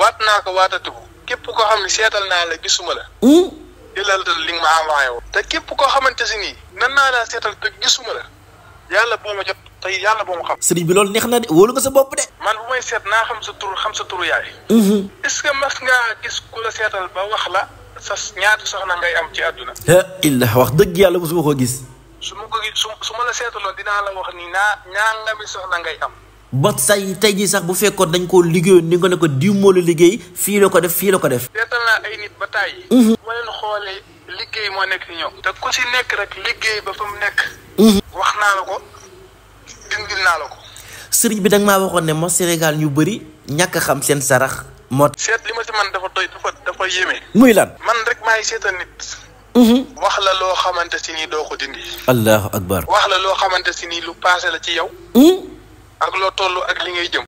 waat naa ko waatatiku képp koo xam ne seetal naa la gisuma la. Hm? jëlal li nga ma envoyé woon. te képp koo xamante si nii nan naa laa seetal te gisuma la yàlla boo ma jot tey yàlla boo ma xam. sëriñ bi loolu neex na de wóolu nga sa bopp de. man bu may seet xam sa tur xam sa turu yaay. Hm. ce que mas ngaa gis ku seetal ba wax la sa ñaata soxna ngay am ci àdduna. ah illah wax dëgg yàlla mosuma ko gis. su ma ko gis su ma la seetaloon dinaa la wax ni naa ñaangami soxna ngay am. ba say tey jii sax bu fekkoon dañ koo liggéeyoon ni nga ne ko diw moo la liggéey fii la ko def fii la ko def. seetal naa ay nit ba tàyyi. Mhm. ma leen moo nekk si ñoom. te ku si nekk rek liggéey ba fa mu nekk. Mhm. wax naa la ko dindil naa la ko. sëriñ bi da ma maa waxoon ne moo Sénégal ñu bëri ñàkk xam seen sarax moo. seet li ma si man dafa doy dafa dafa yéeme. muy lan man rek maay seetal nit. Mhm. wax la loo xamante si nii doo ko dindi. allahu akbar. wax la loo xamante si nii lu paase la ci yow. ak loo tolloo ak li ngay jëm